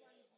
one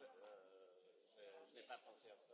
Eh, je, je, n'ai pas pensé à cela.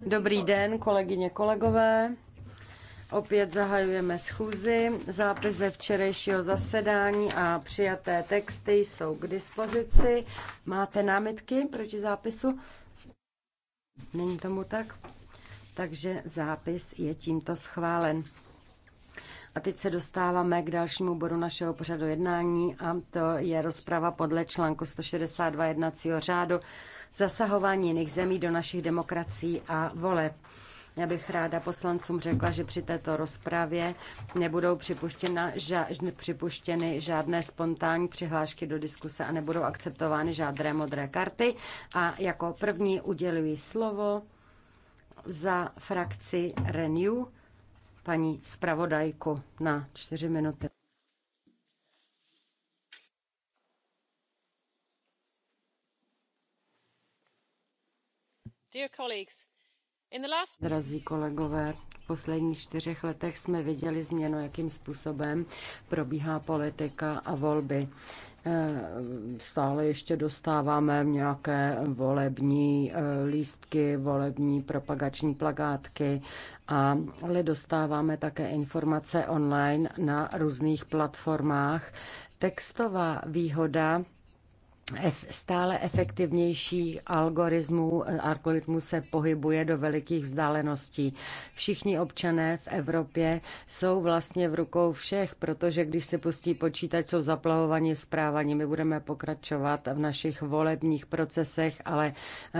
Dobrý den, kolegyně, kolegové. Opět zahajujeme schůzi. Zápis ze včerejšího zasedání a přijaté texty jsou k dispozici. Máte námitky proti zápisu? Není tomu tak? Takže zápis je tímto schválen. A teď se dostáváme k dalšímu bodu našeho pořadu jednání a to je rozprava podle článku 162 jednacího řádu zasahování jiných zemí do našich demokracií a voleb. Já bych ráda poslancům řekla, že při této rozpravě nebudou připuštěna, ža, připuštěny žádné spontánní přihlášky do diskuse a nebudou akceptovány žádné modré karty. A jako první uděluji slovo za frakci Renew paní zpravodajku na čtyři minuty. Drazí kolegové, v posledních čtyřech letech jsme viděli změnu, jakým způsobem probíhá politika a volby. Eh, stále ještě dostáváme nějaké volební eh, lístky, volební propagační plagátky, a, ale dostáváme také informace online na různých platformách. Textová výhoda stále efektivnější algoritmů, eh, algoritmu se pohybuje do velikých vzdáleností. Všichni občané v Evropě jsou vlastně v rukou všech, protože když se pustí počítač, jsou zaplavovaní zprávaní. My budeme pokračovat v našich volebních procesech, ale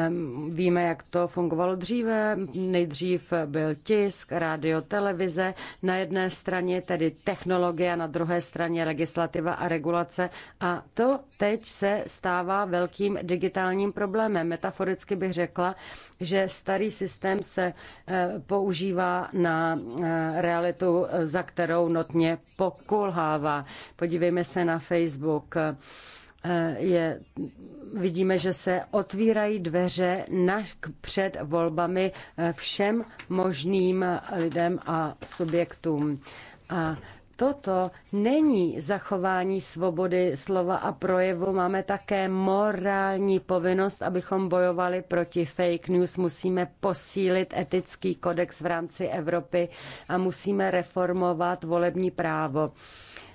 um, víme, jak to fungovalo dříve. Nejdřív byl tisk, rádio, televize. Na jedné straně tedy technologie, a na druhé straně legislativa a regulace. A to teď se stává velkým digitálním problémem. Metaforicky bych řekla, že starý systém se eh, používá na eh, realitu, eh, za kterou notně pokulhává. Podívejme se na Facebook je, vidíme, že se otvírají dveře na, před volbami všem možným lidem a subjektům. A Toto není zachování svobody slova a projevu. Máme také morální povinnost, abychom bojovali proti fake news. Musíme posílit etický kodex v rámci Evropy a musíme reformovat volební právo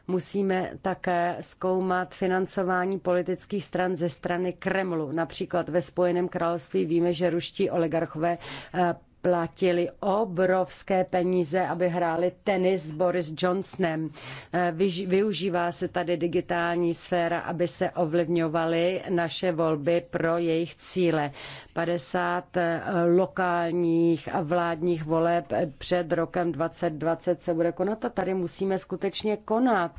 musíme také zkoumat financování politických stran ze strany Kremlu. Například ve Spojeném království víme, že ruští oligarchové eh, platili obrovské peníze, aby hráli tenis s Boris Johnsonem. Eh, využívá se tady digitální sféra, aby se ovlivňovaly naše volby pro jejich cíle. 50 eh, lokálních a vládních voleb před rokem 2020 se bude konat a tady musíme skutečně konat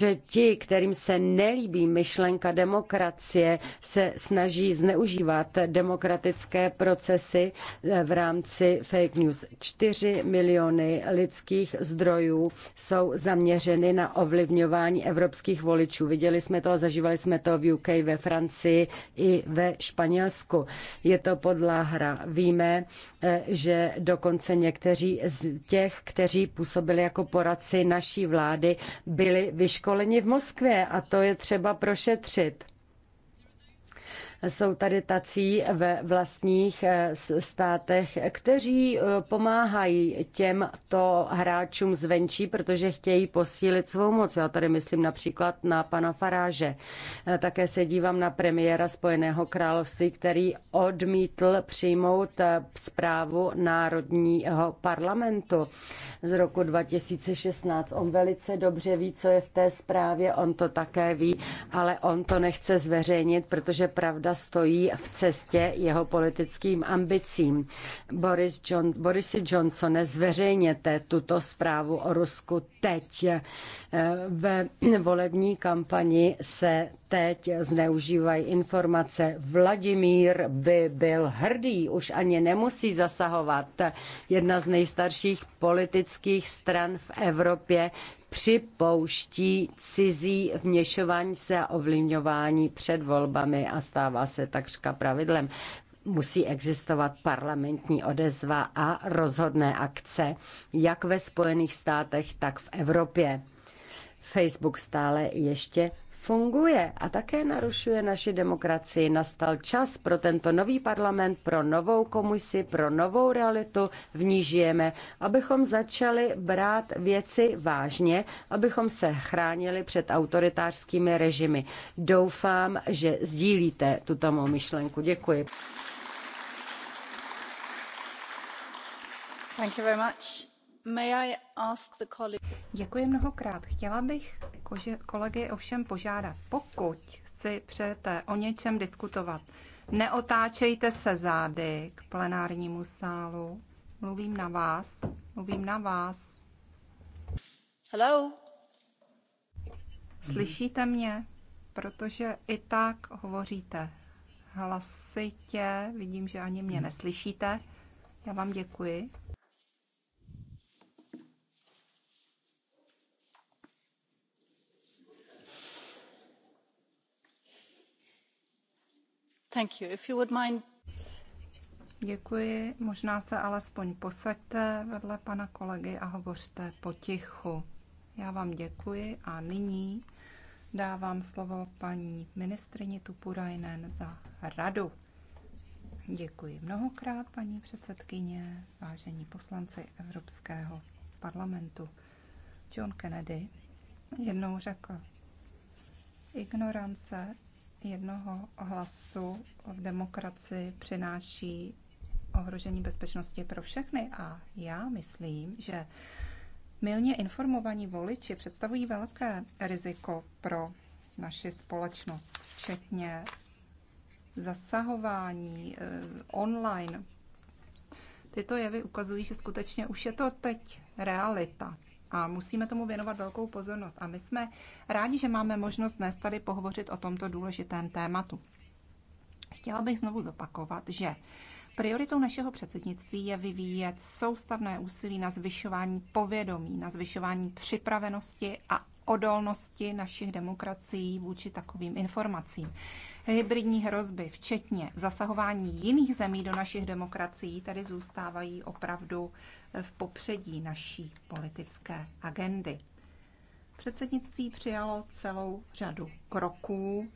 že ti, kterým se nelíbí myšlenka demokracie, se snaží zneužívat demokratické procesy eh, v rámci fake news. Čtyři miliony lidských zdrojů jsou zaměřeny na ovlivňování evropských voličů. Viděli jsme to a zažívali jsme to v UK, ve Francii i ve Španělsku. Je to podlá hra. Víme, eh, že dokonce někteří z těch, kteří působili jako poradci naší vlády, byli vyškodní školeni v Moskvě a to je třeba prošetřit. Jsou tady tací ve vlastních eh, státech, kteří eh, pomáhají těmto hráčům zvenčí, protože chtějí posílit svou moc. Já tady myslím například na pana Faráže. Eh, také se dívám na premiéra Spojeného království, který odmítl přijmout zprávu Národního parlamentu z roku 2016. On velice dobře ví, co je v té zprávě, on to také ví, ale on to nechce zveřejnit, protože pravda pravda stojí v cestě jeho politickým ambicím. Boris John, Borisi Johnsone, zveřejněte tuto zprávu o Rusku teď. E, ve volební kampani se teď zneužívají informace. Vladimír by byl hrdý, už ani nemusí zasahovat. Jedna z nejstarších politických stran v Evropě připouští cizí vněšování se a ovlivňování před volbami a stává se takřka pravidlem. Musí existovat parlamentní odezva a rozhodné akce, jak ve Spojených státech, tak v Evropě. Facebook stále ještě funguje a také narušuje naši demokracii. Nastal čas pro tento nový parlament, pro novou komisi, pro novou realitu, v ní žijeme, abychom začali brát věci vážně, abychom se chránili před autoritářskými režimy. Doufám, že sdílíte tuto mou myšlenku. Děkuji. Thank you very much. Děkuji mnohokrát. Chtěla bych kolegy ovšem požádat, pokud si přejete o něčem diskutovat, neotáčejte se zády k plenárnímu sálu. Mluvím na vás. Mluvím na vás. Hello? Slyšíte mě? Protože i tak hovoříte hlasitě. Vidím, že ani mě mhm. neslyšíte. Já vám děkuji. Děkuji. Možná se alespoň posaďte vedle pana kolegy a hovořte potichu. Já vám děkuji a nyní dávám slovo paní ministrině Tupurajnen za radu. Děkuji mnohokrát, paní předsedkyně, vážení poslanci Evropského parlamentu. John Kennedy jednou řekl, ignorance jednoho hlasu v demokracii přináší ohrožení bezpečnosti pro všechny a já myslím, že milně informovaní voliči představují velké riziko pro naši společnost, včetně zasahování eh, online. Tyto jevy ukazují, že skutečně už je to teď realita a musíme tomu věnovat velkou pozornost. A my jsme rádi, že máme možnost dnes tady pohovořit o tomto důležitém tématu. Chtěla bych znovu zopakovat, že Prioritou našeho předsednictví je vyvíjet soustavné úsilí na zvyšování povědomí, na zvyšování připravenosti a odolnosti našich demokracií vůči takovým informacím hybridní hrozby, včetně zasahování jiných zemí do našich demokracií, tedy zůstávají opravdu v popředí naší politické agendy. Předsednictví přijalo celou řadu kroků,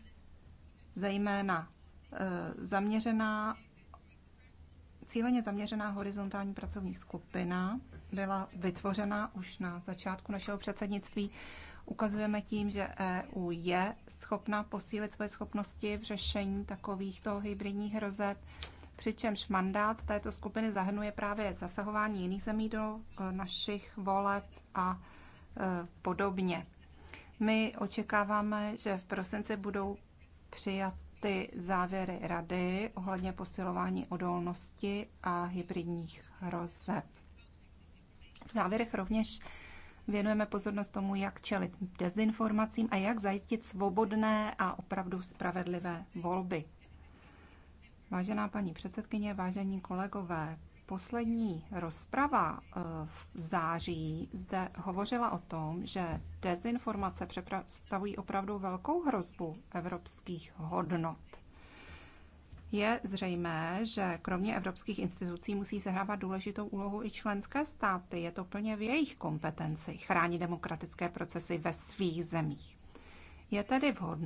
zejména e, zaměřená, cíleně zaměřená horizontální pracovní skupina byla vytvořena už na začátku našeho předsednictví Ukazujeme tím, že EU je schopna posílit své schopnosti v řešení takovýchto hybridních hrozeb, přičemž mandát této skupiny zahrnuje právě zasahování jiných zemí do e, našich voleb a e, podobně. My očekáváme, že v prosinci budou přijaty závěry rady ohledně posilování odolnosti a hybridních hrozeb. V závěrech rovněž věnujeme pozornost tomu, jak čelit dezinformacím a jak zajistit svobodné a opravdu spravedlivé volby. Vážená paní předsedkyně, vážení kolegové, poslední rozprava eh, v září zde hovořila o tom, že dezinformace představují opravdu velkou hrozbu evropských hodnot. Je zřejmé, že kromě evropských institucí musí sehrávat důležitou úlohu i členské státy. Je to plně v jejich kompetenci chránit demokratické procesy ve svých zemích. Je tedy vhodné,